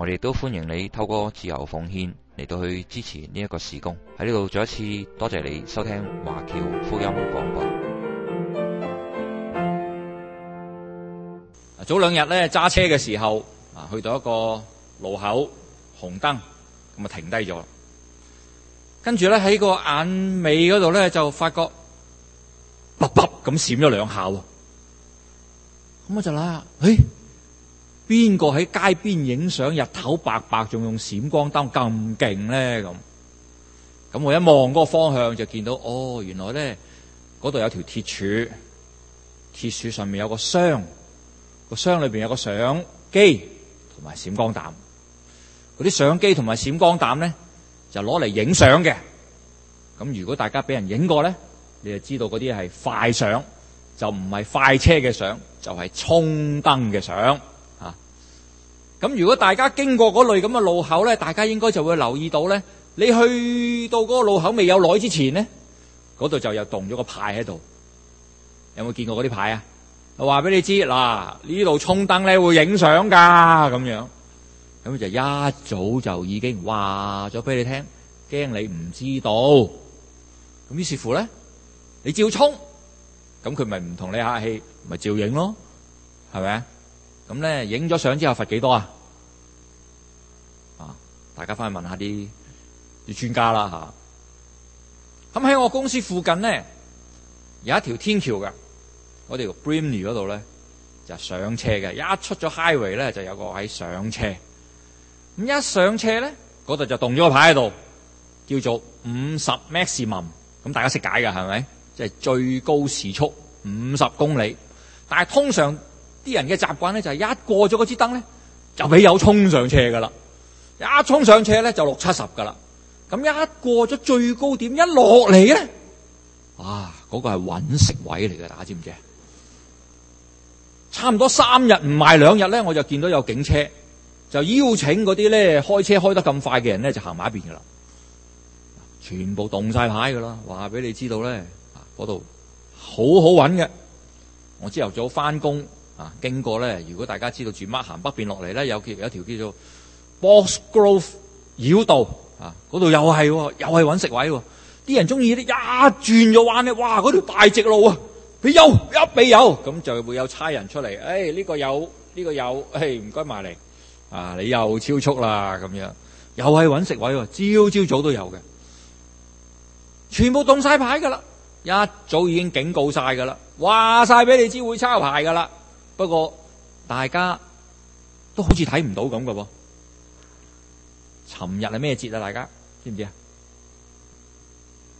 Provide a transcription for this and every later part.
我哋都歡迎你透過自由奉獻嚟到去支持呢一個事工。喺呢度再一次多謝你收聽華僑福音廣播。早兩日咧揸車嘅時候啊，去到一個路口紅燈咁啊停低咗，跟住咧喺個眼尾嗰度咧就發覺啪啪咁閃咗兩下喎，咁我就諗啊，誒。邊個喺街邊影相？日頭白白仲用閃光燈咁勁咧咁。咁我一望嗰個方向就見到，哦，原來咧嗰度有條鐵柱，鐵柱上面有個箱，個箱裏邊有個相機同埋閃光膽。嗰啲相機同埋閃光膽咧就攞嚟影相嘅。咁如果大家俾人影過咧，你就知道嗰啲係快相，就唔係快車嘅相，就係衝燈嘅相。咁如果大家經過嗰類咁嘅路口咧，大家應該就會留意到咧。你去到嗰個路口未有耐之前咧，嗰度就有棟咗個牌喺度。有冇見過嗰啲牌啊？我話俾你知嗱，呢度衝燈咧會影相噶咁樣。咁佢就一早就已經話咗俾你聽，驚你唔知道。咁於是乎咧，你照衝，咁佢咪唔同你客氣，咪照影咯，係咪啊？咁咧，影咗相之後罰幾多啊？啊，大家翻去問下啲啲專家啦嚇。咁、啊、喺我公司附近咧有一條天橋嘅，我哋個 Brimley 嗰度咧就是、上車嘅，一出咗 Highway 咧就有個喺上車。咁一上車咧，嗰度就動咗個牌喺度，叫做五十 maximum。咁大家識解嘅係咪？即係、就是、最高時速五十公里，但係通常。啲人嘅習慣咧就係、是、一過咗嗰支燈咧，就俾有衝上車噶啦，一衝上車咧就六七十噶啦。咁一過咗最高點，一落嚟咧，啊，嗰、那個係揾食位嚟嘅，大家知唔知？差唔多三日唔賣兩日咧，我就見到有警車就邀請嗰啲咧開車開得咁快嘅人咧就行埋一邊噶啦，全部動晒牌噶咯，話俾你知道咧，啊嗰度好好揾嘅。我朝頭早返工，啊，經過咧，如果大家知道住乜行北邊落嚟咧，有條有一條叫做 Boxgrove 繞道啊，嗰度又係、哦、又係揾食位喎、哦，啲人中意啲一轉咗彎咧，哇！嗰條大直路啊，佢有一俾有，咁就會有差人出嚟。誒、哎，呢個有呢個有，誒唔該埋嚟啊！你又超速啦，咁樣又係揾食位喎、哦，朝朝早都有嘅，全部動晒牌噶啦，一早已經警告晒噶啦，話晒俾你知會抄牌噶啦。不過大家都好似睇唔到咁噶喎，尋日係咩節啊？大家知唔知啊？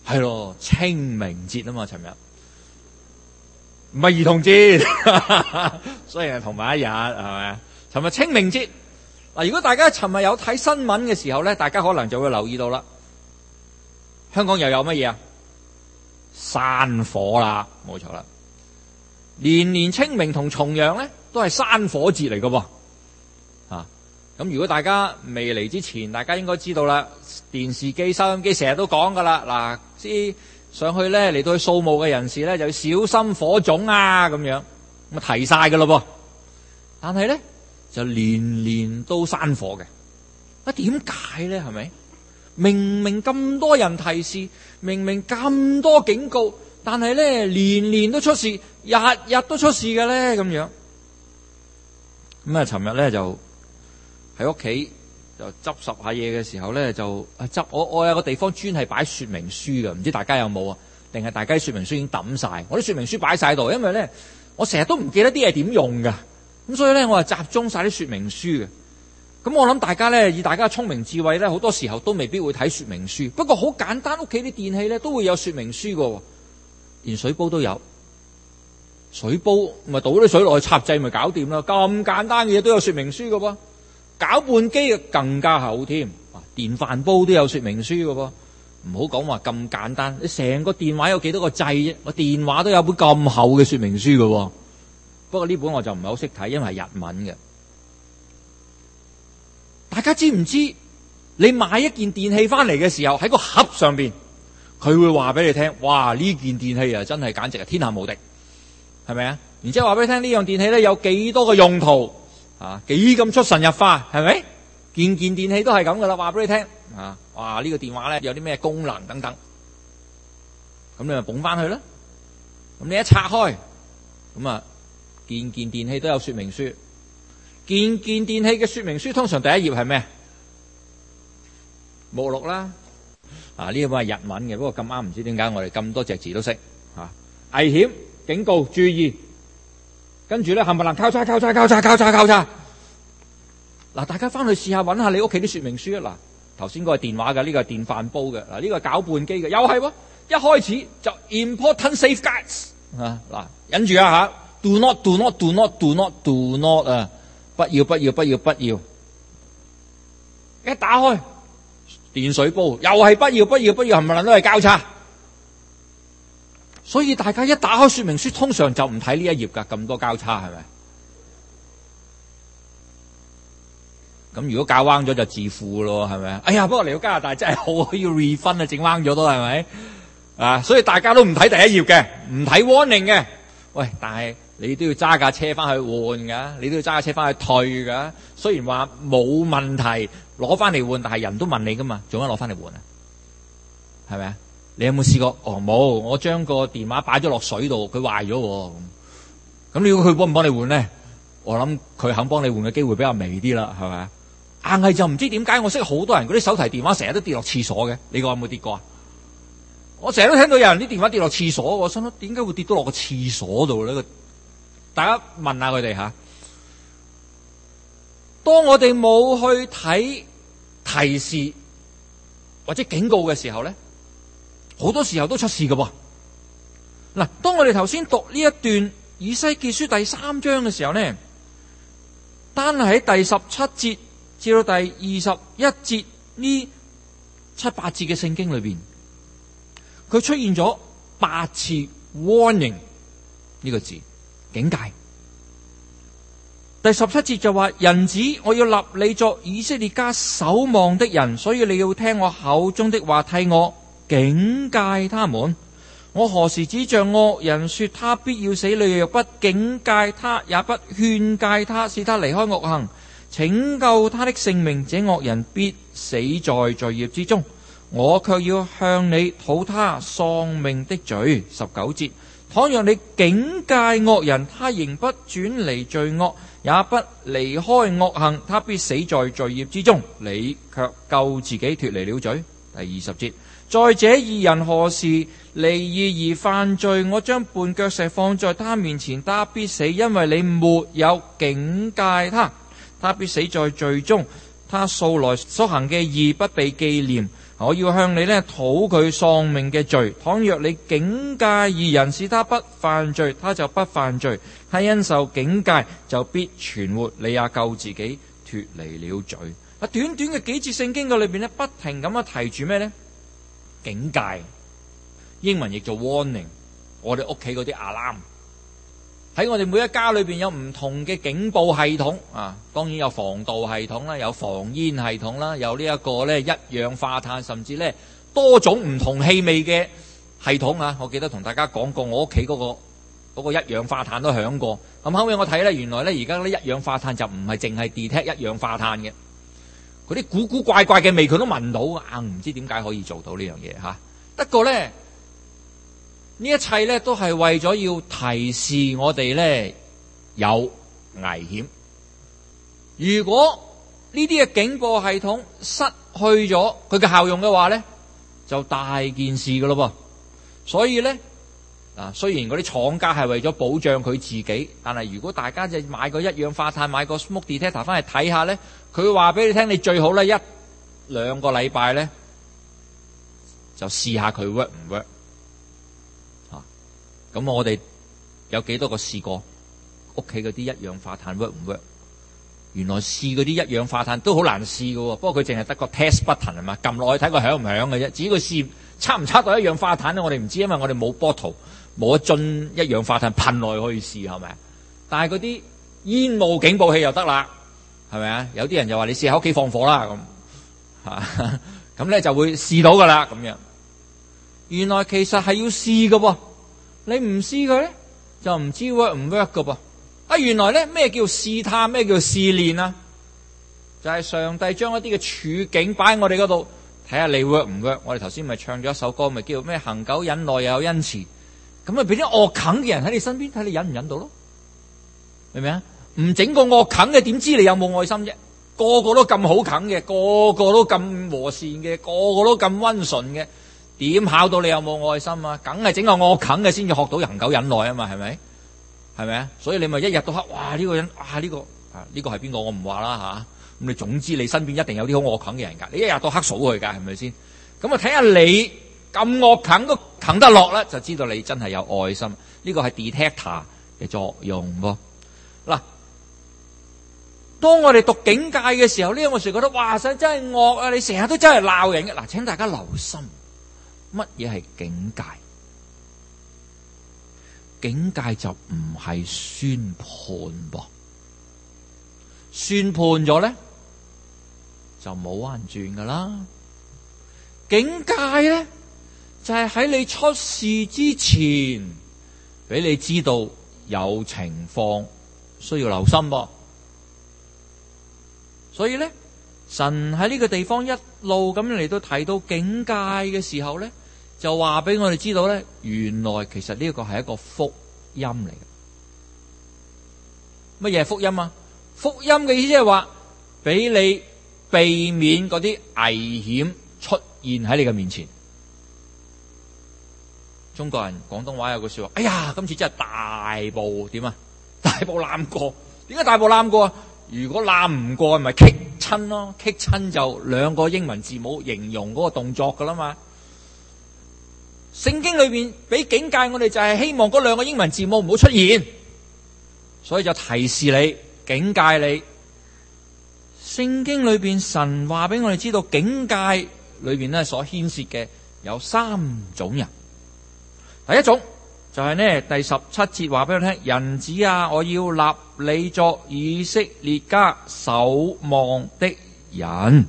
係咯，清明節啊嘛，尋日唔係兒童節， 雖然係同埋一日，係咪啊？尋日清明節嗱，如果大家尋日有睇新聞嘅時候咧，大家可能就會留意到啦。香港又有乜嘢啊？山火啦，冇錯啦。年年清明同重陽呢，都係山火節嚟㗎喎。但係咧，年年都出事，日日都出事嘅咧，咁樣。咁啊，尋日咧就喺屋企就執拾下嘢嘅時候咧，就執我我有個地方專係擺說明書嘅，唔知大家有冇啊？定係大家說明書已經抌晒，我啲說明書擺晒度，因為咧我成日都唔記得啲嘢點用噶，咁所以咧我就集中晒啲說明書嘅。咁我諗大家咧以大家嘅聰明智慧咧，好多時候都未必會睇說明書。不過好簡單，屋企啲電器咧都會有說明書噶。連水煲都有，水煲咪倒啲水落去插掣，咪搞掂囉！咁簡單嘅嘢，都有說明書㗎噃，攪拌機更加厚添。電飯煲都有說明書㗎噃，唔好講話咁簡單。你成個電話有幾多個掣啫？我電話都有本咁厚嘅說明書㗎。不過呢本我就唔係好識睇，因為係日文嘅。大家知唔知你買一件電器翻嚟嘅時候喺個盒上邊？佢會話俾你聽，哇呢件電器啊真係簡直係天下無敵，係咪啊？然之後話俾你聽呢樣電器咧有幾多個用途，啊幾咁出神入化，係咪？件件電器都係咁噶啦，話俾你聽，啊哇呢個電話咧有啲咩功能等等，咁你咪捧翻去啦。咁你一拆開，咁啊件件電器都有說明書，件件電器嘅說明書通常第一頁係咩？目錄啦。啊！呢本係日文嘅，不過咁啱唔知點解我哋咁多隻字都識吓、啊。危險、警告、注意，跟住咧冚唪唥交叉、交叉、交叉、交叉、交叉。嗱，大家翻去試下揾下你屋企啲説明書啊！嗱，頭先嗰個電話嘅，呢、呢個電飯煲嘅，嗱、呢、呢個攪拌機嘅，又係喎。一開始就 important safeguards 啊！嗱、啊，忍住啊吓 do not do not do not do not do not 啊、uh,！不要不要不要不要 一打開，電水煲又係不要不要不要，冚唪唥都係交叉，所以大家一打開說明書，通常就唔睇呢一頁噶，咁多交叉係咪？咁如果搞彎咗就自負咯，係咪？哎呀，不過嚟到加拿大真係好要 refund 啊，整彎咗都係咪？啊，所以大家都唔睇第一頁嘅，唔睇 warning 嘅。喂，但係，你都要揸架車翻去換噶，你都要揸架車翻去退噶。雖然話冇問題，攞翻嚟換，但係人都問你噶嘛，做乜攞翻嚟換啊？係咪啊？你有冇試過？哦，冇，我將個電話擺咗落水度，佢壞咗。咁，咁如果佢幫唔幫你換咧，我諗佢肯幫你換嘅機會比較微啲啦，係咪？硬係就唔知點解，我識好多人嗰啲手提電話成日都跌落廁所嘅。你講有冇跌過啊？我成日都聽到有人啲電話跌落廁所，我想諗點解會跌到落個廁所度咧？大家問下佢哋吓，當我哋冇去睇提示或者警告嘅時候咧，好多時候都出事㗎噃。嗱，當我哋頭先讀呢一段以西結書第三章嘅時候咧，單係喺第十七節至到第二十一節呢七八節嘅聖經裏邊，佢出現咗八次 warning 呢個字。警戒。第十七節就話：人子，我要立你作以色列家守望的人，所以你要聽我口中的話，替我警戒他們。我何時指著惡人說他必要死你，你若不警戒他，也不勸戒他，使他離開惡行，拯救他的性命，這惡人必死在罪孽之中。我卻要向你討他喪命的罪。十九節。倘若你警戒惡人，他仍不轉離罪惡，也不離開惡行，他必死在罪孽之中。你卻救自己脫離了罪。第二十節，再者，義人何時離義而犯罪，我將絆腳石放在他面前，他必死，因為你沒有警戒他。他必死在罪中，他素來所行嘅義不被紀念。我要向你呢，討佢喪命嘅罪。倘若你警戒義人，使他不犯罪，他就不犯罪；他因受警戒，就必存活。你也救自己脫離了罪。啊，短短嘅幾節聖經嘅裏邊呢，不停咁啊提住咩呢？警戒，英文亦做 warning 我。我哋屋企嗰啲 alarm。喺我哋每一家裏邊有唔同嘅警報系統啊，當然有防盜系統啦，有防煙系統啦，有呢一個咧一氧化碳，甚至呢多種唔同氣味嘅系統啊。我記得同大家講過，我屋企嗰個嗰個一氧化碳都響過。咁後尾我睇呢，原來呢而家啲一氧化碳就唔係淨係 detect 一氧化碳嘅，嗰啲古古怪怪嘅味佢都聞到啊！唔知點解可以做到呢樣嘢嚇？不過呢。呢一切咧都係為咗要提示我哋咧有危險。如果呢啲嘅警報系統失去咗佢嘅效用嘅話咧，就大件事噶咯噃。所以咧，啊雖然嗰啲廠家係為咗保障佢自己，但係如果大家就買個一氧化碳，買個 smoke detector 翻嚟睇下咧，佢話俾你聽，你最好咧一兩個禮拜咧就試下佢 work 唔 work。咁我哋有幾多個試過屋企嗰啲一氧化碳 work 唔 work？原來試嗰啲一氧化碳都好難試噶，不過佢淨係得個 test button 係嘛，撳落去睇佢響唔響嘅啫。至於佢試測唔測到一氧化碳咧，我哋唔知，因為我哋冇波圖，冇一樽一,一氧化碳噴落去試係咪？但係嗰啲煙霧警報器又得啦，係咪啊？有啲人就話你試喺屋企放火啦咁，吓咁咧就會試到噶啦，咁樣原來其實係要試噶噃。你唔試佢咧，就唔知 work 唔 work 噶噃。啊，原來咧，咩叫試探，咩叫試煉啊？就係上帝將一啲嘅處境擺喺我哋嗰度，睇下你 work 唔 work。我哋頭先咪唱咗一首歌，咪叫做咩？恒久忍耐又有恩慈。咁咪俾啲惡啃嘅人喺你身邊，睇你忍唔忍到咯？明唔明啊？唔整個惡啃嘅，點知你有冇愛心啫？個個都咁好啃嘅，個個都咁和善嘅，個個都咁温順嘅。點考到你有冇愛心啊？梗係整個惡啃嘅先至學到人狗忍耐啊？嘛係咪係咪啊？所以你咪一日到黑哇呢、這個人哇呢個啊呢個係邊個？啊這個、我唔話啦吓。咁、啊、你總之你身邊一定有啲好惡啃嘅人噶，你一日到黑數佢噶係咪先？咁啊睇下你咁惡啃都啃得落咧，就知道你真係有愛心。呢、這個係 detector 嘅作用噃嗱、啊。當我哋讀警戒嘅時候，呢我成覺得哇，真真係惡啊！你成日都真係鬧人嘅嗱、啊，請大家留心。乜嘢係警戒？警戒就唔係宣判噃，宣判咗咧就冇彎轉㗎啦。警戒咧就係、是，喺你出事之前俾你知道有情況需要留心噃。所以咧，神喺呢個地方一路咁嚟到提到警戒嘅時候咧。就話俾我哋知道咧，原來其實呢個係一個福音嚟嘅。乜嘢福音啊？福音嘅意思係話俾你避免嗰啲危險出現喺你嘅面前。中國人廣東話有句說話，哎呀，今次真係大步點啊，大步攬過，點解大步攬過啊？如果攬唔過，咪棘親咯，棘親就兩個英文字母形容嗰個動作噶啦嘛。聖經裏邊俾警戒，我哋就係希望嗰兩個英文字母唔好出現，所以就提示你警戒你。聖經裏邊神話俾我哋知道警戒裏邊呢，所牽涉嘅有三種人。第一種就係呢，第十七節話俾我聽，人子啊，我要立你作以色列家守望的人。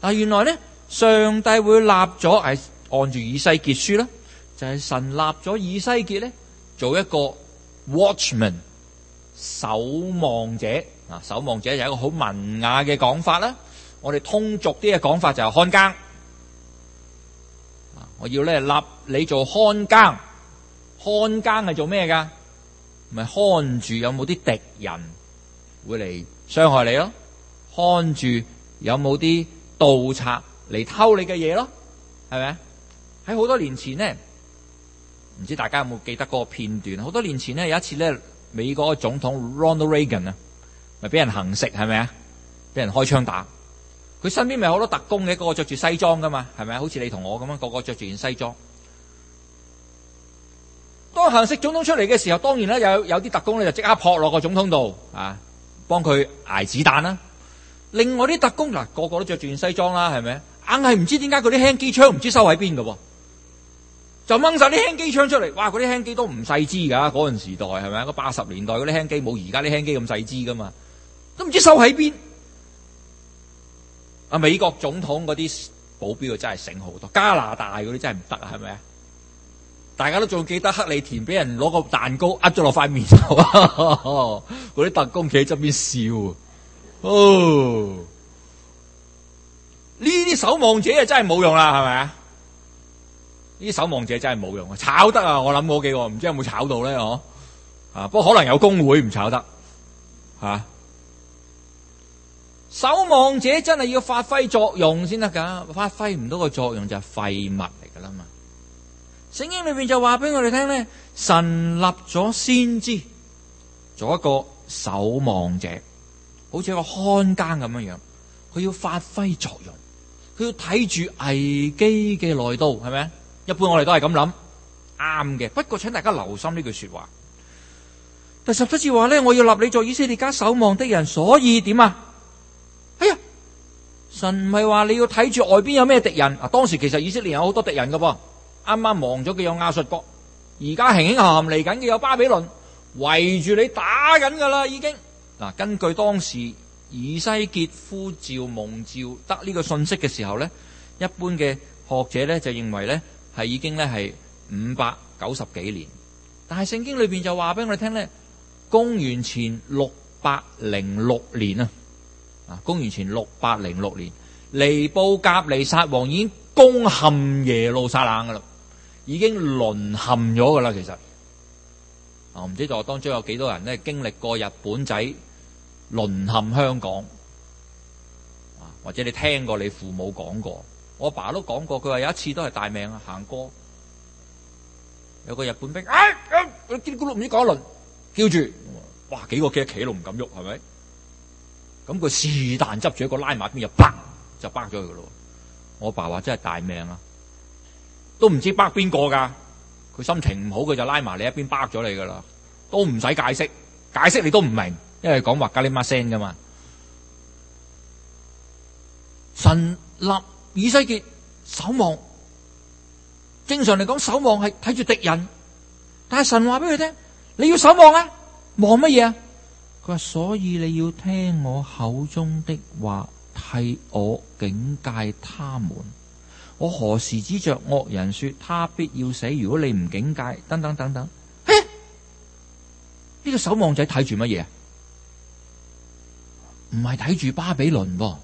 但係原來呢，上帝會立咗係。按住以西結書啦，就係、是、神立咗以西結咧，做一個 watchman 守望者啊，守望者就係一個好文雅嘅講法啦。我哋通俗啲嘅講法就係看更啊，我要咧立你做看更，看更係做咩噶？咪看住有冇啲敵人會嚟傷害你咯，看住有冇啲盜賊嚟偷你嘅嘢咯，係咪？喺好多年前呢，唔知大家有冇記得嗰個片段？好多年前呢，有一次咧，美國總統 Ronald Reagan 咧，咪俾人行刺係咪啊？俾人開槍打，佢身邊咪好多特工嘅，個個着住西裝噶嘛，係咪？好似你同我咁啊，個個着住件西裝。當行刺總統出嚟嘅時候，當然啦，有有啲特工咧就即刻撲落個總統度啊，幫佢捱子彈啦。另外啲特工嗱，個個都着住件西裝啦，係咪？硬係唔知點解嗰啲輕機槍唔知收喺邊嘅喎。就掹晒啲輕機槍出嚟，哇！嗰啲輕機都唔細支噶，嗰陣時代係咪啊？嗰八十年代嗰啲輕機冇而家啲輕機咁細支噶嘛，都唔知收喺邊。啊，美國總統嗰啲保鏢啊，真係醒好多，加拿大嗰啲真係唔得啊，係咪啊？大家都仲記得克里田俾人攞個蛋糕呃咗落塊面度啊！嗰 啲特工企喺側邊笑，哦，呢啲守望者啊，真係冇用啦，係咪啊？呢啲守望者真係冇用啊！炒得啊，我諗嗰幾個唔知有冇炒到咧，嗬？啊，不過可能有工會唔炒得，吓、啊。守望者真係要發揮作用先得噶發揮唔到個作用就係、是、廢物嚟噶啦嘛。聖經裏面就話俾我哋聽咧，神立咗先知，做一個守望者，好似一個看更咁樣樣，佢要發揮作用，佢要睇住危機嘅來到，係咪？一般我哋都係咁諗，啱嘅。不過請大家留心呢句說話。第十七節話咧，我要立你做以色列家守望的人，所以點啊？哎呀，神唔係話你要睇住外邊有咩敵人。嗱、啊，當時其實以色列有好多敵人噶噃。啱啱亡咗嘅有亞述國，而家行行行嚟緊嘅有巴比倫，圍住你打緊噶啦已經。嗱、啊，根據當時以西結呼召蒙召得呢個信息嘅時候咧，一般嘅學者咧就認為咧。係已經咧係五百九十幾年，但係聖經裏邊就話俾我哋聽咧，公元前六百零六年啊，啊公元前六百零六年，尼布甲尼撒王已經攻陷耶路撒冷噶啦，已經淪陷咗噶啦。其實啊唔知道當中有幾多人咧經歷過日本仔淪陷香港啊，或者你聽過你父母講過。我爸都講過，佢話有一次都係大命啊！行過有個日本兵，哎、啊，見到咕碌面嗰輪叫住，哇、呃，幾個雞企喺度唔敢喐，係咪？咁佢是但執住一個拉埋一邊，就崩就崩咗佢噶咯。我爸話真係大命啊，都唔知崩邊個噶。佢心情唔好，佢就拉埋你一邊崩咗你噶啦，都唔使解釋，解釋你都唔明，因為講話加啲媽聲噶嘛，神、就、粒、是。以西結守望，正常嚟講守望係睇住敵人，但係神話俾佢聽，你要守望啊，望乜嘢？佢話所以你要聽我口中的話，替我警戒他們。我何時指着惡人說他必要死？如果你唔警戒，等等等等，嘿，呢、這個守望仔睇住乜嘢？唔係睇住巴比倫噃。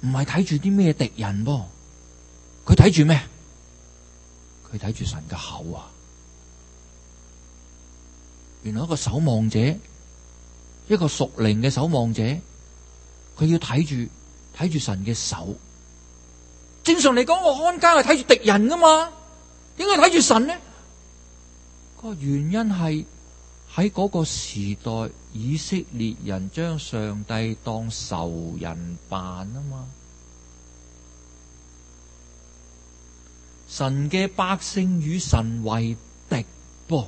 唔係睇住啲咩敵人噃，佢睇住咩？佢睇住神嘅口啊！原來一個守望者，一個屬靈嘅守望者，佢要睇住睇住神嘅手。正常嚟講，我看家係睇住敵人㗎嘛，點解睇住神呢？個原因係。喺嗰個時代，以色列人將上帝當仇人辦啊嘛！神嘅百姓與神為敵，噃。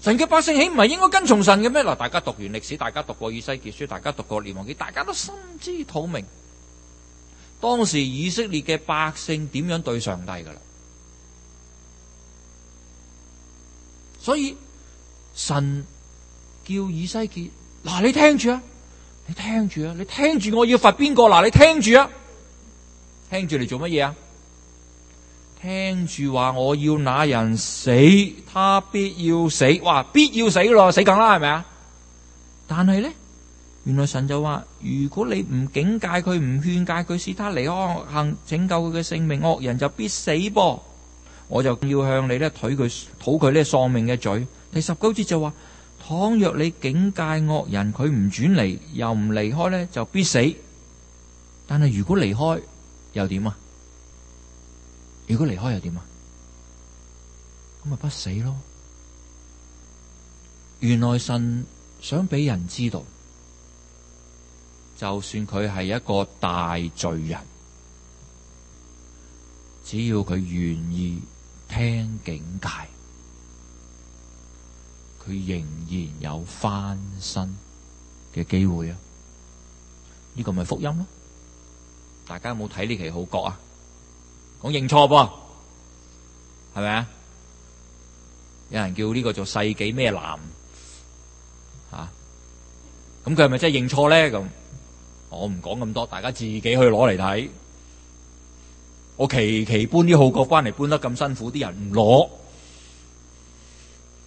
神嘅百姓豈唔係應該跟從神嘅咩？嗱，大家讀完歷史，大家讀過《以西結書》，大家讀過《列王記》，大家都心知肚明，當時以色列嘅百姓點樣對上帝噶啦？所以神叫以西結，嗱你聽住啊，你聽住啊，你聽住，我要罰邊個？嗱你聽住啊，聽住嚟做乜嘢啊？聽住話我要那人死，他必要死。哇，必要死咯，死梗啦，係咪啊？但係呢，原來神就話，如果你唔警戒佢，唔勸戒佢，使他離安行離開惡行拯救佢嘅性命，惡人就必死噃。我就要向你咧，討佢討佢呢喪命嘅罪。第十九節就話：倘若你警戒惡人，佢唔轉嚟又唔離開呢，就必死。但係如果離開又點啊？如果離開又點啊？咁咪不死咯？原來神想俾人知道，就算佢係一個大罪人，只要佢願意。聽警戒，佢仍然有翻身嘅機會啊！呢、這個咪福音咯？大家有冇睇呢期《號角》啊？講認錯噃，係咪啊？有人叫呢個做世紀咩男啊？咁佢係咪真係認錯咧？咁我唔講咁多，大家自己去攞嚟睇。我期期搬啲號角翻嚟，搬得咁辛苦，啲人唔攞，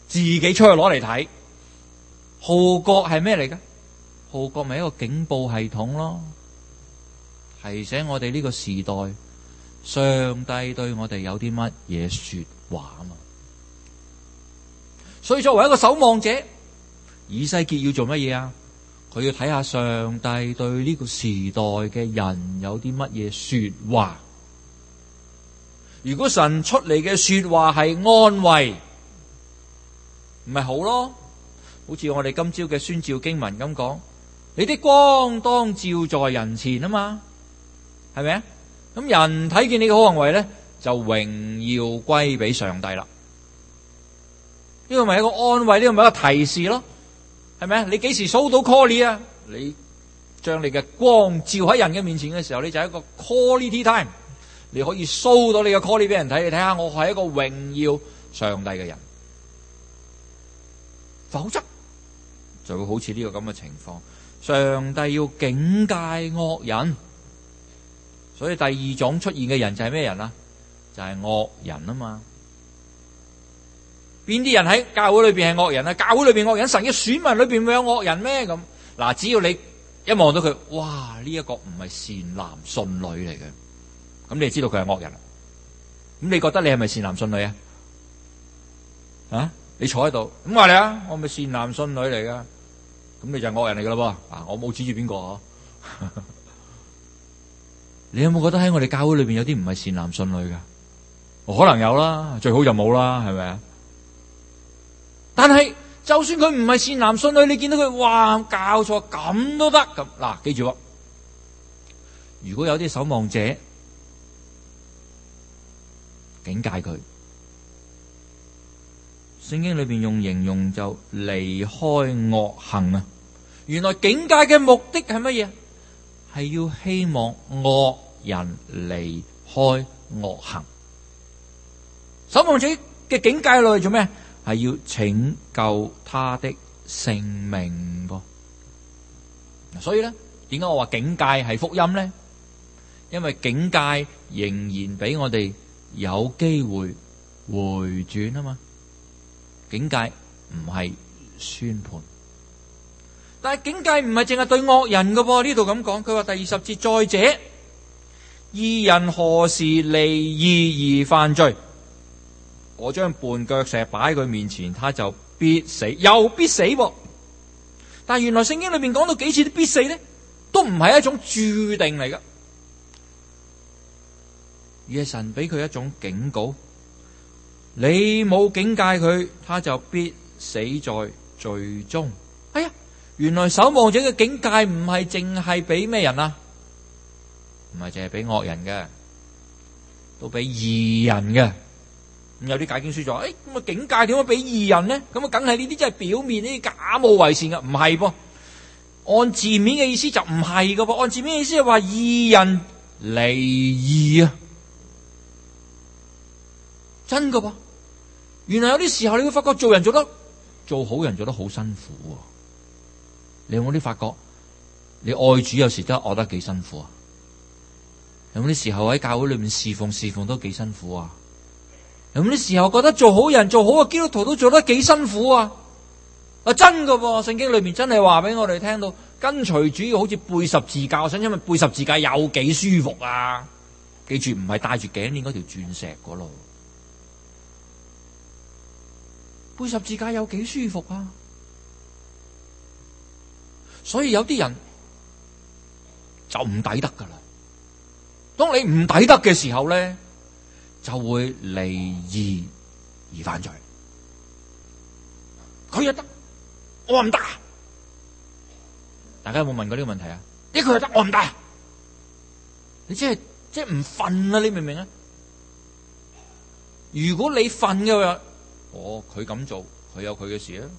自己出去攞嚟睇。號角係咩嚟嘅？號角咪一個警報系統咯，提醒我哋呢個時代上帝對我哋有啲乜嘢說話嘛。所以作為一個守望者，以西結要做乜嘢啊？佢要睇下上帝對呢個時代嘅人有啲乜嘢說話。如果神出嚟嘅說話係安慰，唔係好咯？好似我哋今朝嘅宣召經文咁講，你啲光當照在人前啊嘛，係咪啊？咁人睇見你嘅好行為咧，就榮耀歸俾上帝啦。呢個咪一個安慰，呢個咪一個提示咯，係咪啊？你幾時數到 call 你啊？你將你嘅光照喺人嘅面前嘅時候，你就係一個 call 你啲 time。你可以 show 到你嘅 calling 俾人睇，你睇下我係一個榮耀上帝嘅人，否則就會好似呢個咁嘅情況。上帝要警戒惡人，所以第二種出現嘅人就係咩人啦？就係惡人啊嘛。邊啲人喺教會裏邊係惡人啊？教會裏邊惡人，神嘅選民裏邊會有惡人咩？咁嗱，只要你一望到佢，哇！呢一個唔係善男信女嚟嘅。咁你就知道佢係惡人，咁你覺得你係咪善男信女啊？啊，你坐喺度咁話你啊，我咪善男信女嚟噶，咁你就係惡人嚟噶啦噃啊！我冇指住邊個嗬，你有冇覺得喺我哋教會裏邊有啲唔係善男信女噶？可能有啦，最好就冇啦，係咪啊？但係就算佢唔係善男信女，你見到佢話教錯咁都得。咁嗱，記住，如果有啲守望者。警戒佢，聖經裏邊用形容就離開惡行啊！原來警戒嘅目的係乜嘢？係要希望惡人離開惡行。守望者嘅警戒嚟做咩？係要拯救他的性命噃。所以呢，點解我話警戒係福音呢？因為警戒仍然俾我哋。有機會回轉啊嘛！警戒唔係宣判，但係警戒唔係淨係對惡人噶。呢度咁講，佢話第二十節再者，義人何時離義而犯罪？我將絆腳石擺喺佢面前，他就必死，又必死啊。但係原來聖經裏面講到幾次都必死呢，都唔係一種注定嚟噶。夜神俾佢一種警告，你冇警戒佢，他就必死在罪中。哎呀，原來守望者嘅警戒唔係淨係俾咩人啊？唔係淨係俾惡人嘅，都俾義人嘅。咁有啲解經書就，誒，咁啊警戒點解俾義人咧？咁啊，梗係呢啲真係表面呢啲假冒為善嘅，唔係噃。按字面嘅意思就唔係噶噃，按字面嘅意思話義人離義啊。真噶噃？原來有啲時候你會發覺做人做得做好人做得好辛苦啊。你有冇啲發覺，你愛主有時都愛得幾辛苦啊！有冇啲時候喺教會裏面侍奉侍奉都幾辛苦啊！有冇啲時候覺得做好人做好嘅基督徒都做得幾辛苦啊！啊真噶喎！聖經裏面真係話俾我哋聽到，跟隨主要好似背十字架，想因為背十字架有幾舒服啊？記住唔係戴住頸鏈嗰條鑽石個咯。背十字架有幾舒服啊？所以有啲人就唔抵得噶啦。當你唔抵得嘅時候咧，就會離義而犯罪。佢又得，我唔得啊。大家有冇問過呢個問題啊？一個又得，我唔得啊。你即係即係唔瞓啊？你明唔明啊？如果你瞓嘅話，我佢咁做，佢有佢嘅事啊，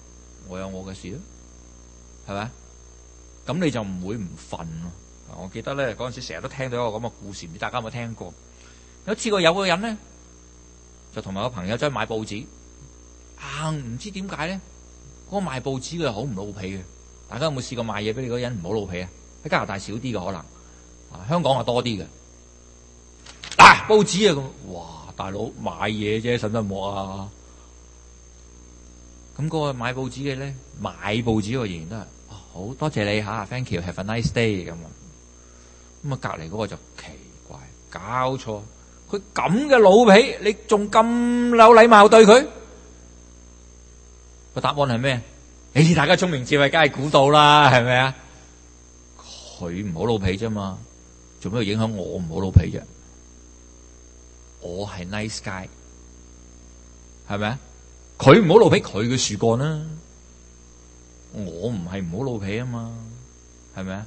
我有我嘅事啊，係咪啊？咁你就唔會唔瞓咯。我記得咧嗰陣時，成日都聽到一個咁嘅故事，唔知大家有冇聽過？有次過有個人咧，就同埋個朋友去買報紙，啊，唔知點解咧？嗰、嗰個賣報紙嘅好唔老皮嘅，大家有冇試過賣嘢俾你嗰個人唔好老皮啊？喺加拿大少啲嘅可能，啊，香港啊多啲嘅。啊，報紙啊咁，哇，大佬買嘢啫，使乜摸啊？咁嗰個買報紙嘅咧，買報紙個仍然都係，好多謝你吓，thank you，have a nice day 咁啊。咁啊，隔籬嗰個就奇怪，搞錯，佢咁嘅老皮，你仲咁有禮貌對佢？個答案係咩？你大家聰明智慧，梗係估到啦，係咪啊？佢唔好老皮啫嘛，做咩影響我唔好老皮啫？我係 nice guy，係咪啊？佢唔好老脾，佢嘅樹幹啦。我唔係唔好老脾啊嘛，係咪啊？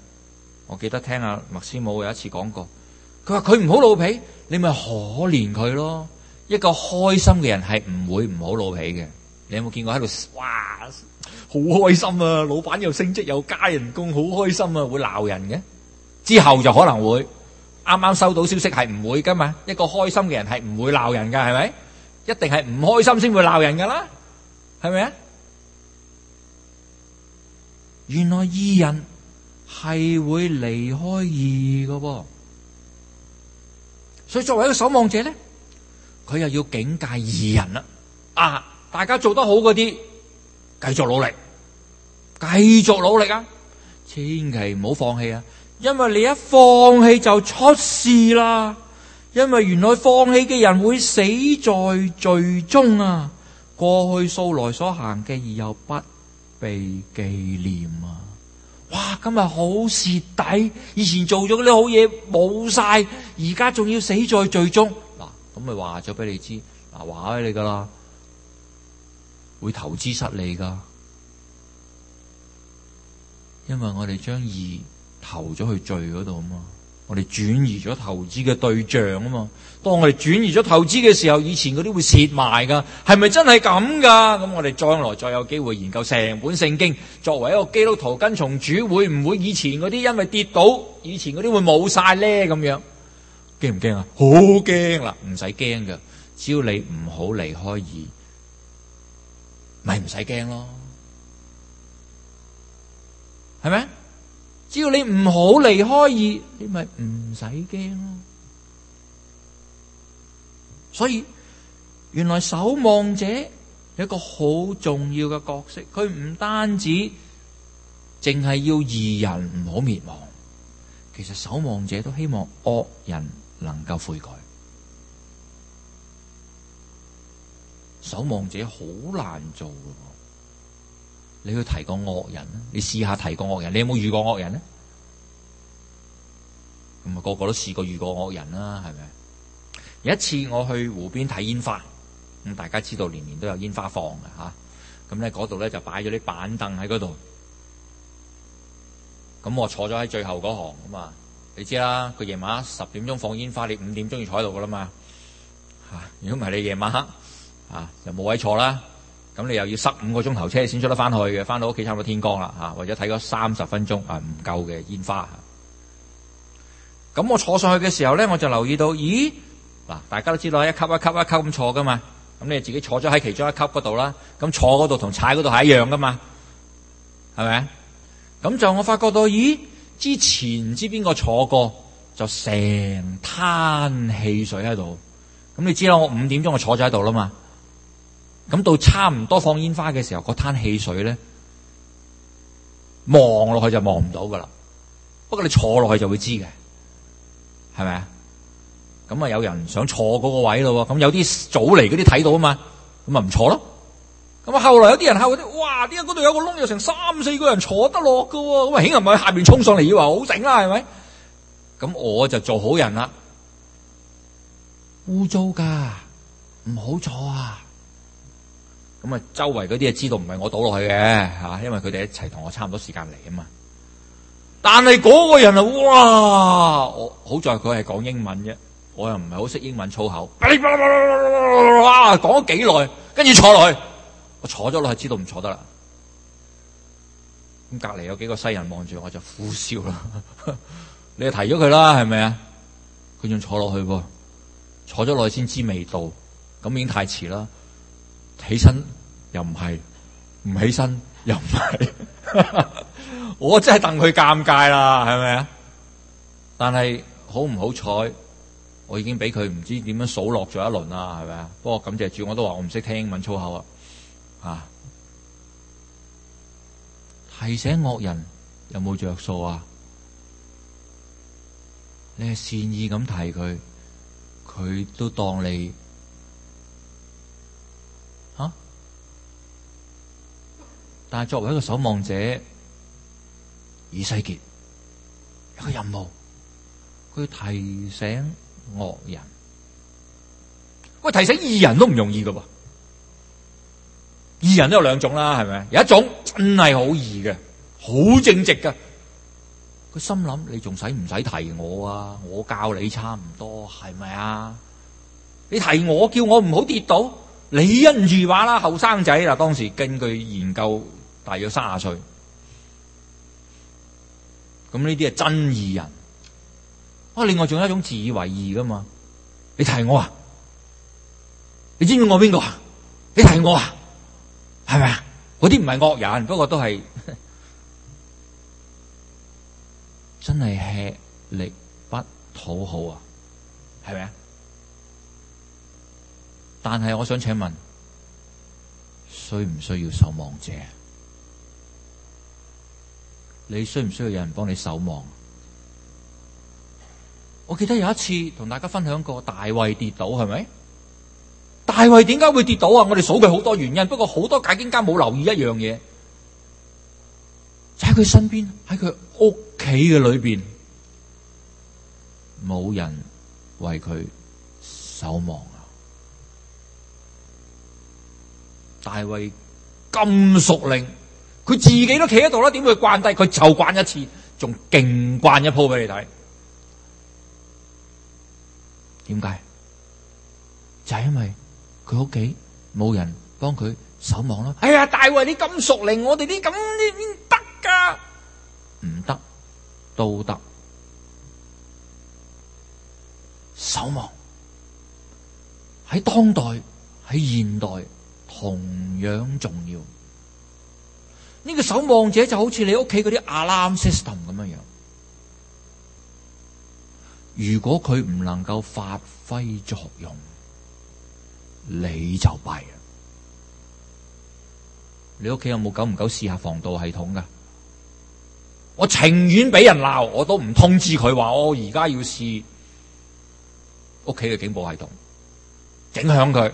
我記得聽阿麥師母有一次講過，佢話佢唔好老脾，你咪可憐佢咯。一個開心嘅人係唔會唔好老脾嘅。你有冇見過喺度哇，好開心啊！老闆又升職又加人工，好開心啊！會鬧人嘅之後就可能會，啱啱收到消息係唔會㗎嘛。一個開心嘅人係唔會鬧人㗎，係咪？一定係唔開心先會鬧人噶啦，係咪啊？原來義人係會離開義嘅喎，所以作為一個守望者咧，佢又要警戒義人啦。啊，大家做得好嗰啲，繼續努力，繼續努力啊！千祈唔好放棄啊，因為你一放棄就出事啦。因為原來放棄嘅人會死在罪中啊！過去素來所行嘅，而又不被紀念啊！哇，今日好蝕底！以前做咗啲好嘢冇晒，而家仲要死在罪中嗱，咁咪話咗俾你知嗱，話、啊、俾你噶啦，會投資失利噶，因為我哋將義投咗去罪嗰度啊嘛。我哋轉移咗投資嘅對象啊嘛，當我哋轉移咗投資嘅時候，以前嗰啲會蝕埋噶，係咪真係咁噶？咁我哋再來再有機會研究成本聖經，作為一個基督徒跟從主，會唔會以前嗰啲因為跌倒，以前嗰啲會冇晒咧？咁樣驚唔驚啊？好驚啦，唔使驚噶，只要你唔好離開而，咪唔使驚咯，係咪？只要你唔好離開義，你咪唔使驚咯。所以原來守望者有一個好重要嘅角色，佢唔單止淨係要義人唔好滅亡，其實守望者都希望惡人能夠悔改。守望者好難做嘅喎。你去提個惡人，你試下提個惡人，你有冇遇過惡人咧？咁啊，個個都試過遇過惡人啦，係咪？有一次我去湖邊睇煙花，咁大家知道年年都有煙花放㗎吓，咁咧嗰度咧就擺咗啲板凳喺嗰度。咁、啊、我坐咗喺最後嗰行咁啊，你知啦，佢夜晚十點鐘放煙花，你五點鐘要坐喺度㗎啦嘛吓。如果唔係你夜晚黑啊，就冇位坐啦。咁你又要塞五個鐘頭車先出得翻去嘅，翻到屋企差唔多天光啦，吓為咗睇嗰三十分鐘啊唔夠嘅煙花。咁我坐上去嘅時候咧，我就留意到，咦嗱，大家都知道一級一級一級咁坐噶嘛，咁你自己坐咗喺其中一級嗰度啦，咁坐嗰度同踩嗰度係一樣噶嘛，係咪啊？咁就我發覺到，咦，之前唔知邊個坐過，就成灘汽水喺度。咁你知啦，我五點鐘我坐咗喺度啦嘛。咁到差唔多放煙花嘅時候，嗰攤汽水咧望落去就望唔到噶啦。不過你坐落去就會知嘅，係咪啊？咁啊，有人想坐嗰個位咯。咁有啲早嚟嗰啲睇到啊嘛，咁啊唔坐咯。咁啊，後來有啲人後嗰啲，哇！點解嗰度有個窿又成三四個人坐得落噶？咁啊，慶幸咪喺下邊衝上嚟，話好整啦，啊，係咪？咁我就做好人啦，污糟噶，唔好坐啊！咁啊，周圍嗰啲啊知道唔係我倒落去嘅嚇，因為佢哋一齊同我差唔多時間嚟啊嘛。但係嗰個人啊，哇！我好在佢係講英文啫，我又唔係好識英文粗口。哇！ 講咗幾耐，跟住坐落去，我坐咗落去，知道唔坐得啦。咁隔離有幾個西人望住我，就呼笑啦。 你就提咗佢啦，係咪啊？佢仲坐落去噃，坐咗落去先知道味道，咁已經太遲啦。起身又唔係，唔起身又唔係， 我真係戥佢尷尬啦，係咪啊？但係好唔好彩，我已經俾佢唔知點樣數落咗一輪啦，係咪啊？不過感謝主，我都話我唔識聽英文粗口啊！啊，提醒惡人有冇着數啊？你係善意咁提佢，佢都當你。但係作為一個守望者，以西結有個任務，佢提醒惡人。喂，提醒異人都唔容易噶噃，異人都有兩種啦，係咪？有一種真係好異嘅，好正直嘅。佢心諗：你仲使唔使提我啊？我教你差唔多，係咪啊？你提我，叫我唔好跌倒。你因住話啦，後生仔嗱，當時根據研究。大約卅歲，咁呢啲係真義人啊！另外仲有一種自以為義噶嘛，你提我啊，你知唔知我邊個啊？你提我啊，係咪啊？嗰啲唔係惡人，不過都係 真係吃力不討好啊，係咪啊？但係我想請問，需唔需要守望者？你需唔需要有人幫你守望？我記得有一次同大家分享過大衛跌倒，係咪？大衛點解會跌倒啊？我哋數佢好多原因，不過好多解經家冇留意一樣嘢，就喺、是、佢身邊，喺佢屋企嘅裏邊，冇人為佢守望啊！大衛咁熟靈。佢自己都企喺度啦，點會慣低？佢就慣一次，仲勁慣一鋪俾你睇。點解？就係因為佢屋企冇人幫佢守望咯。哎呀，大衛，你咁熟嚟，我哋啲咁啲得噶？唔得，都得守望喺當代喺現代同樣重要。呢個守望者就好似你屋企嗰啲 alarm system 咁樣樣。如果佢唔能夠發揮作用，你就弊啦。你屋企有冇久唔久試下防盜系統㗎？我情願俾人鬧，我都唔通知佢話我而家要試屋企嘅警報系統，整響佢，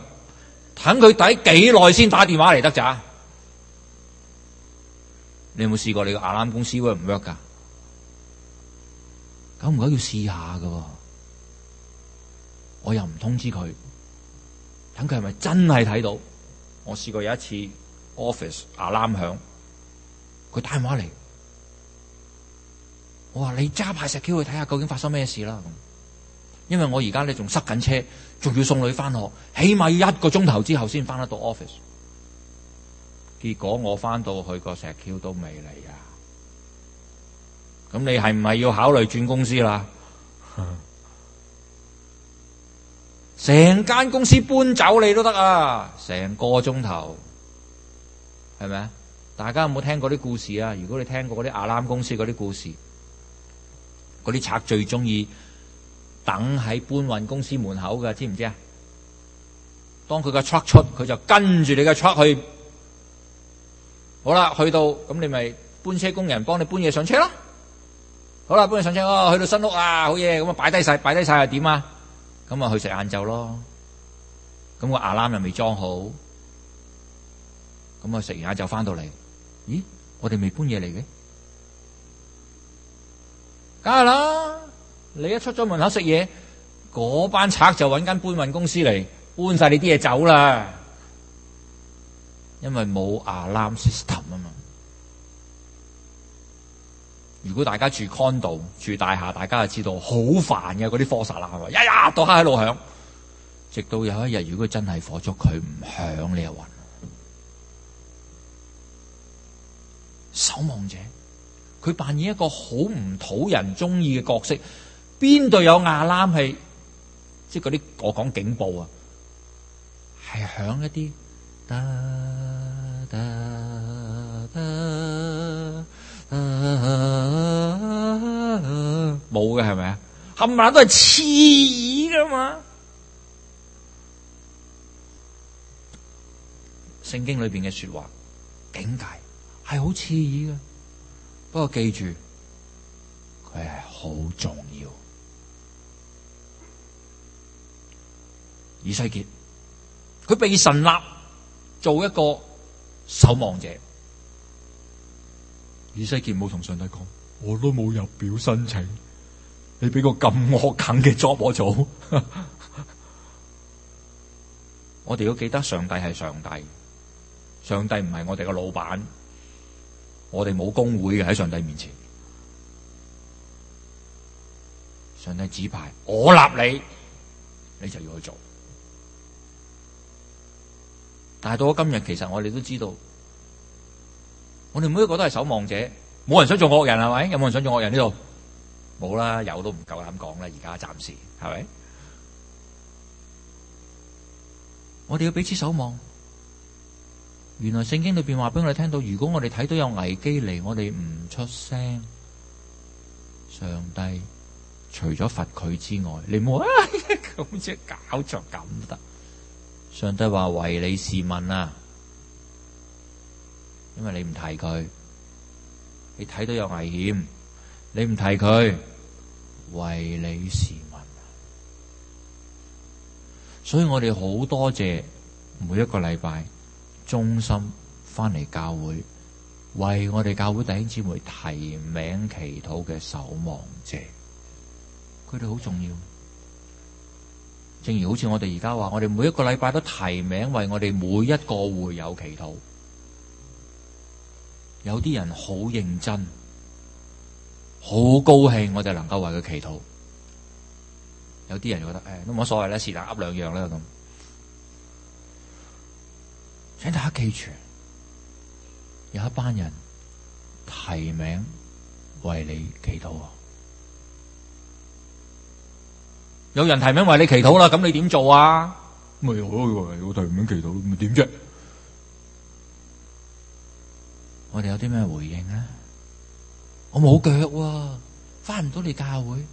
等佢抵幾耐先打電話嚟得咋？你有冇試過你個阿覽公司會唔 work 噶？久唔久要試下噶喎，我又唔通知佢，等佢係咪真係睇到？我試過有一次 office 阿覽響，佢打電話嚟，我話你揸派石 Q 去睇下究竟發生咩事啦。因為我而家咧仲塞緊車，仲要送女翻學，起碼要一個鐘頭之後先翻得到 office。結果我翻到去個石橋都未嚟啊！咁你係唔係要考慮轉公司啦？成 間公司搬走你都得啊！成個鐘頭係咪啊？大家有冇聽過啲故事啊？如果你聽過嗰啲阿蘭公司嗰啲故事，嗰啲賊最中意等喺搬運公司門口㗎，知唔知啊？當佢嘅 truck 出，佢就跟住你嘅 truck 去。好啦，去到咁你咪搬車工人幫你搬嘢上車咯。好啦，搬嘢上車哦，去到新屋啊，好嘢。咁啊，擺低晒，擺低晒又點啊？咁啊，去食晏晝咯。咁個 alarm 又未裝好，咁啊，食完晏晝翻到嚟，咦？我哋未搬嘢嚟嘅，梗係啦。你一出咗門口食嘢，嗰班賊就搵間搬運公司嚟搬晒你啲嘢走啦。因為冇 alarm system 啊嘛，如果大家住 condo 住大廈，大家就知道好煩嘅嗰啲 fire alarm 啦，呀呀，一日到黑喺度響。直到有一日，如果真係火燭，佢唔響，你又暈。 守望者，佢扮演一個好唔討人中意嘅角色。邊度有 alarm 係，即係嗰啲我講警報啊，係響一啲。冇嘅係咪啊？冚唪唥都係刺耳噶嘛！聖經裏邊嘅說話，話警戒係好刺耳嘅，不過記住佢係好重要。以西結佢被神立。做一個守望者，以西結冇同上帝講，我都冇入表申請，你俾個咁惡啃嘅 job 我做， 我哋要記得上帝係上帝，上帝唔係我哋嘅老闆，我哋冇工會嘅。喺上帝面前，上帝指派我立你，你就要去做。但係到咗今日，其實我哋都知道，我哋每一個都係守望者，冇人想做惡人係咪？有冇人想做惡人呢度？冇啦，有都唔夠膽講啦，而家暫時係咪？我哋要彼此守望。原來聖經裏邊話俾我哋聽到，如果我哋睇到有危機嚟，我哋唔出聲。上帝除咗罰佢之外，你唔好，咁只搞作咁得？上帝話，為你是問啊。因為你唔提佢，你睇到有危險，你唔提佢，為你是問啊。所以我哋好多謝每一個禮拜，衷心返嚟教會，為我哋教會弟兄姊妹提名祈禱嘅守望者，佢哋好重要。正如好似我哋而家話，我哋每一個禮拜都提名為我哋每一個會有祈禱。有啲人好認真，好高興，我就能夠為佢祈禱。有啲人就覺得，誒，都冇所謂咧，是但噏兩樣啦咁。請大家記住，有一班人提名為你祈禱。有人提名為你祈禱啦，咁你點做啊？咪以為我提名祈禱，咪點啫？我哋有啲咩回應啊？我冇腳，翻唔到你教會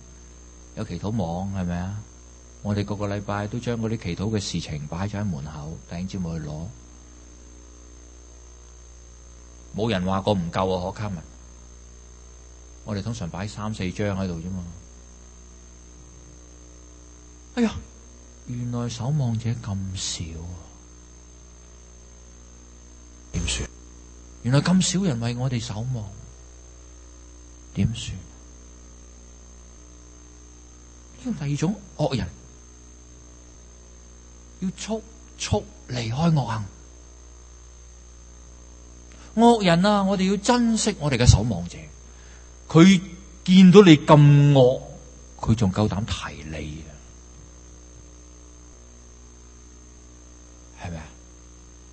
有祈禱網係咪啊？我哋個個禮拜都將嗰啲祈禱嘅事情擺咗喺門口，第二朝冇去攞，冇人話過唔夠啊，可卡文。我哋通常擺三四張喺度啫嘛。哎呀，原來守望者咁少啊？點算？原來咁少人為我哋守望，點算？呢個第二種惡人要速速離開惡行。惡人啊，我哋要珍惜我哋嘅守望者。佢見到你咁惡，佢仲夠膽提你。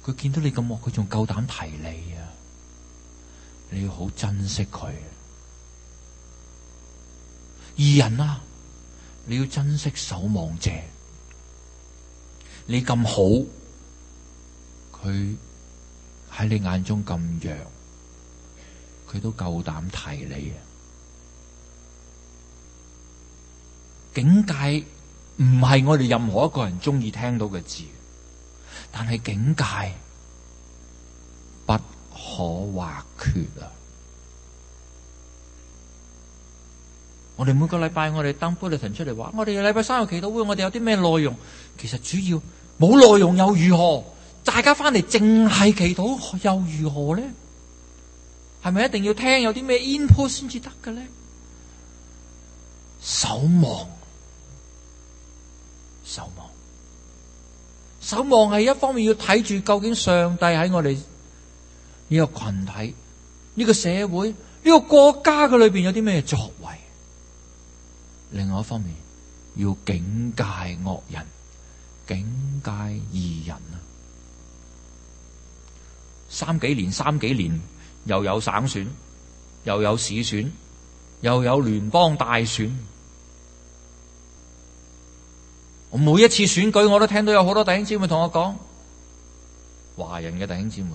佢見到你咁惡，佢仲夠膽提你啊！你要好珍惜佢啊！義人啊，你要珍惜守望者。你咁好，佢喺你眼中咁弱，佢都夠膽提你啊！警戒唔係我哋任何一個人中意聽到嘅字。但係境界不可或缺啊！我哋每個禮拜，我哋登播麗騰出嚟話，我哋禮拜三嘅祈禱會，我哋有啲咩內容？其實主要冇內容又如何？大家翻嚟淨係祈禱又如何呢？係咪一定要聽有啲咩 input 先至得嘅呢？守望，守望。守望係一方面要睇住究竟上帝喺我哋呢個群體、呢個社會、呢個國家嘅裏邊有啲咩作為；另外一方面要警戒惡人、警戒義人啊！三幾年、三幾年又有省選，又有市選，又有聯邦大選。我每一次選舉，我都聽到有好多弟兄姐妹同我講，華人嘅弟兄姐妹，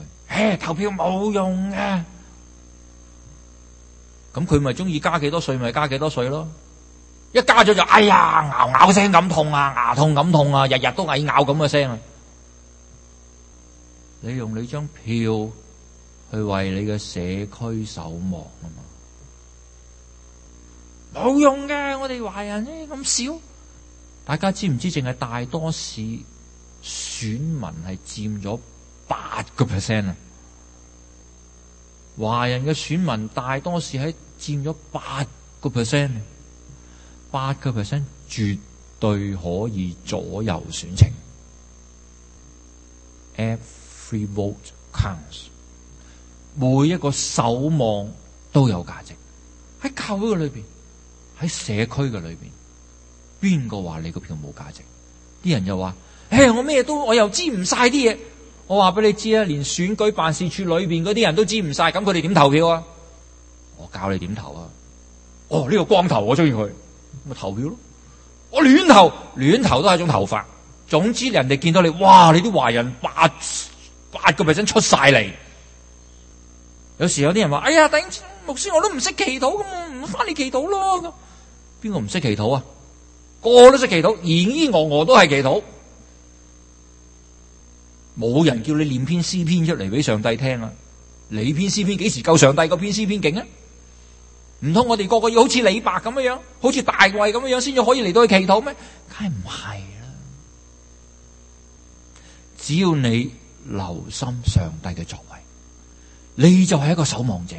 大家知唔知？淨係大多市選民係佔咗八個 percent 啊！華人嘅選民大多市喺佔咗八個 percent，八個 percent 絕對可以左右選情。Every vote counts，每一個守望都有價值。喺教會嘅裏邊，喺社區嘅裏邊。邊個話你個票冇價值？啲人又話：，唉、哎，我咩都我又知唔晒啲嘢。我話俾你知啊，連選舉辦事處裏邊嗰啲人都知唔晒，咁佢哋點投票啊？我教你點投啊！哦，呢、這個光頭我中意佢，咪投票咯！我亂投亂投都係一種頭髮。總之人哋見到你，哇！你啲華人八八個 percent 出晒嚟。有時有啲人話：，哎呀，頂牧師我都唔識祈禱咁，唔翻嚟祈禱咯。邊個唔識祈禱啊？個個都識祈禱，然言我我都係祈禱。冇人叫你念篇詩篇出嚟俾上帝聽啊！你篇詩篇幾時夠上帝個篇詩篇勁啊？唔通我哋個個要好似李白咁樣樣，好似大衛咁樣樣，先至可以嚟到去祈禱咩？梗係唔係啦！只要你留心上帝嘅作為，你就係一個守望者。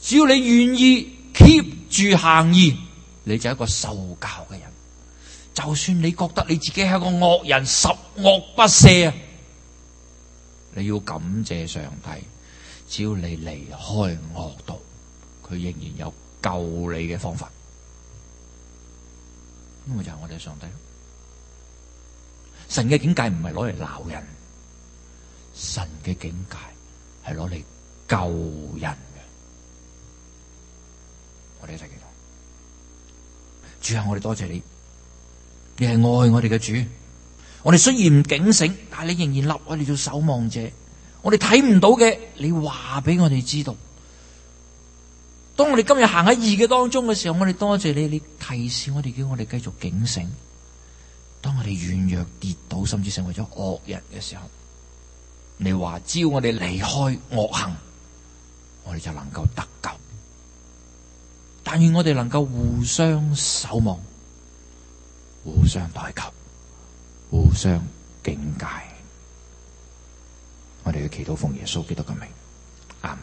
只要你願意 keep 住行義。你就係一個受教嘅人，就算你覺得你自己係個惡人十惡不赦啊，你要感謝上帝，只要你離開惡道，佢仍然有救你嘅方法。咁咪就係我哋嘅上帝咯，神嘅境界唔係攞嚟鬧人，神嘅境界係攞嚟救人嘅。我哋嚟嘅。主啊，我哋多謝你，你係愛我哋嘅主。我哋雖然唔警醒，但係你仍然立我哋做守望者。我哋睇唔到嘅，你話俾我哋知道。當我哋今日行喺義嘅當中嘅時候，我哋多謝你，你提示我哋，叫我哋繼續警醒。當我哋軟弱跌倒，甚至成為咗惡人嘅時候，你話只要我哋離開惡行，我哋就能夠得救。但願我哋能夠互相守望，互相代求，互相警戒。我哋要祈禱，奉耶穌基督嘅名，阿